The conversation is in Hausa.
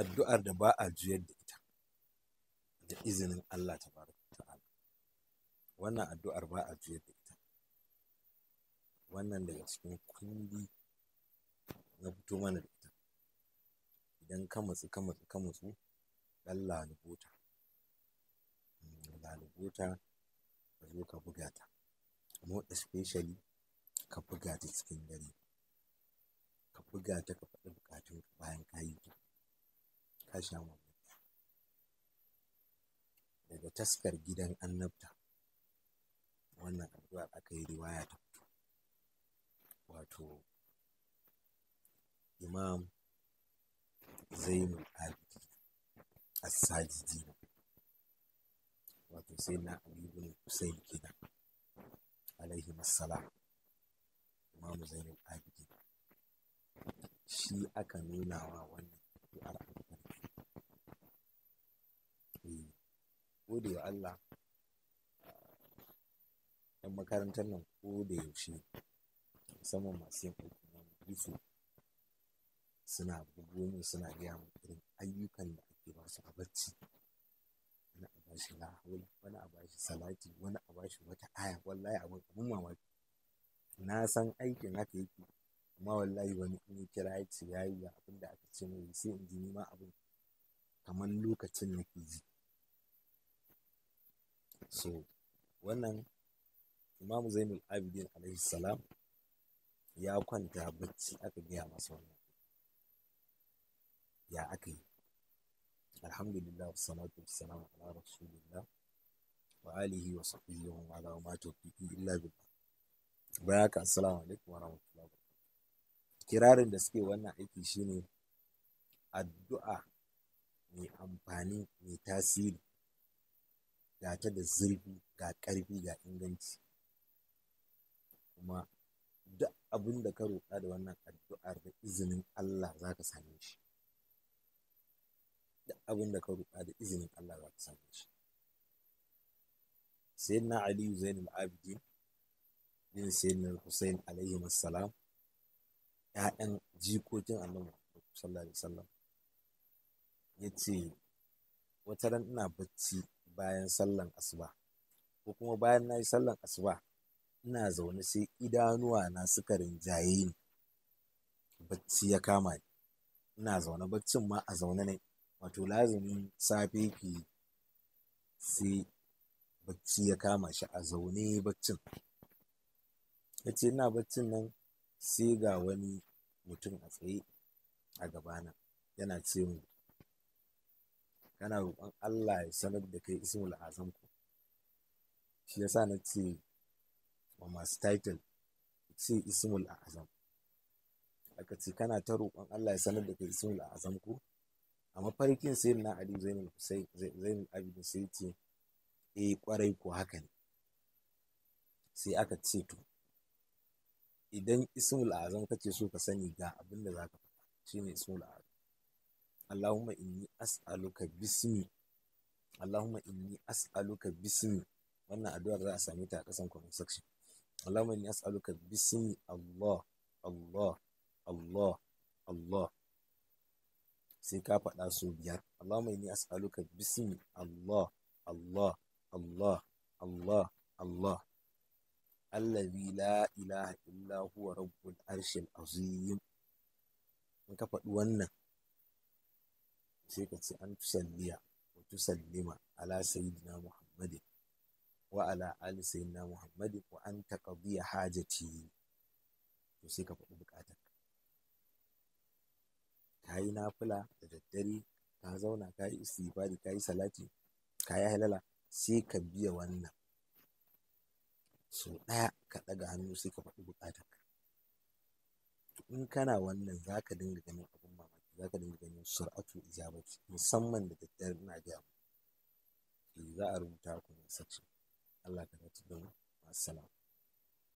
addu'ar da ba a juyar da ita da izinin Allah ta ta'ala wannan addu'ar ba a juyar da ita wannan daga cikin kundi na fito mana da ita idan ka matsu ka matsu ka ɗan lalubota mm, lalubota ka zo ka buga ta more especially ka buga ta cikin dare ka buga ta ka faɗi bukatun bayan ka yi ta ka sha wannan daga taskar gidan annabta wannan addu'ar aka yi riwaya ta fito wato imam zainul abidi as-sajidi wato sai na ali ibn husayn kenan alaihi Mas'ala, imam zainul abidi shi aka nuna wa wannan addu'ar gode wa Allah yan makarantar nan ko da yaushe musamman masu yin aiki na rufu suna bugu mu suna gaya mu irin ayyukan da ake ba su a bacci wani a ba shi lahawai wani a ba shi salati wani a ba shi wata aya wallahi abin abin mamaki na san aikin haka yake amma wallahi wani in ya kira ya ce ya yi abin da aka ce mai sai in ji ma abin kamar lokacin nake ji so wannan imamu zainul abidin alaihi salam ya kwanta bacci aka gaya masa wannan ya aka yi alhamdulillah salatu wassalamu ala rasulillah wa alihi wa sahbihi wa ma wa ma tawfiqi illa billah Baya haka assalamu alaikum wa rahmatullahi wa barakatuh kirarin da suke wannan aiki shine addu'a mai amfani mai tasiri ga ta da zurfi ga ƙarfi ga inganci kuma duk abin da ka roƙa da wannan addu'ar da izinin Allah za ka same shi duk abin da ka roƙa da izinin Allah za ka same shi sayyidina aliyu zainul abidin bin sayyidina hussein alaihi assalam ƴaƴan jikokin annabi sallallahu alaihi wasallam yace wata ran ina bacci bayan sallan asuba ko kuma bayan na yi sallan asuba ina zaune sai idanuwa na suka rinjaye ni bacci ya kama ni ina zaune baccin ma a zaune ne wato lazumin safe ki sai bacci ya kama shi a zaune baccin ya ce ina baccin nan sai ga wani mutum a tsaye a gabana yana ce mu kana roƙon Allah ya sanar da kai ismul azam ku shi sa na ce wa masu title ce ismul azam aka ce kana ta roƙon Allah ya sanar da kai ismul azam ku a mafarkin sai na Ali Zainul Hussein Zainul Abidin sai ce e eh, kwarai ko haka ne sai aka ce to idan ismul azam kace so ka sani ga abin da zaka faɗa shine ismul azam Allahumma inni as'aluka bismi Allahumma wannan addu'ar za a same ta a ƙasan comment section Allahumma inni as'aluka bismi Allah Allah Allah Allah sai ka faɗa su biyar Allahumma inni as'aluka bismi Allah Allah Allah Allah Allah allazi la ilaha illa huwa rabbul arshil azim in ka faɗi wannan sai ka ce an tusalliya wa tusallima ala sayyidina muhammadin wa ala ali sayyidina muhammadin wa an taqdiya hajati to sai ka faɗi buƙatar ka yi nafila da daddare ka zauna ka yi istighfari ka yi salati ka yi halala sai ka biya wannan sau ɗaya ka ɗaga hannu sai ka faɗi buƙatar in kana wannan za ka dinga ganin abu za ka dinga ganin sur'atu ijabati musamman da daddare na gaya mu eh, za a rubuta ku ne section Allah ka mutu da mu assalamu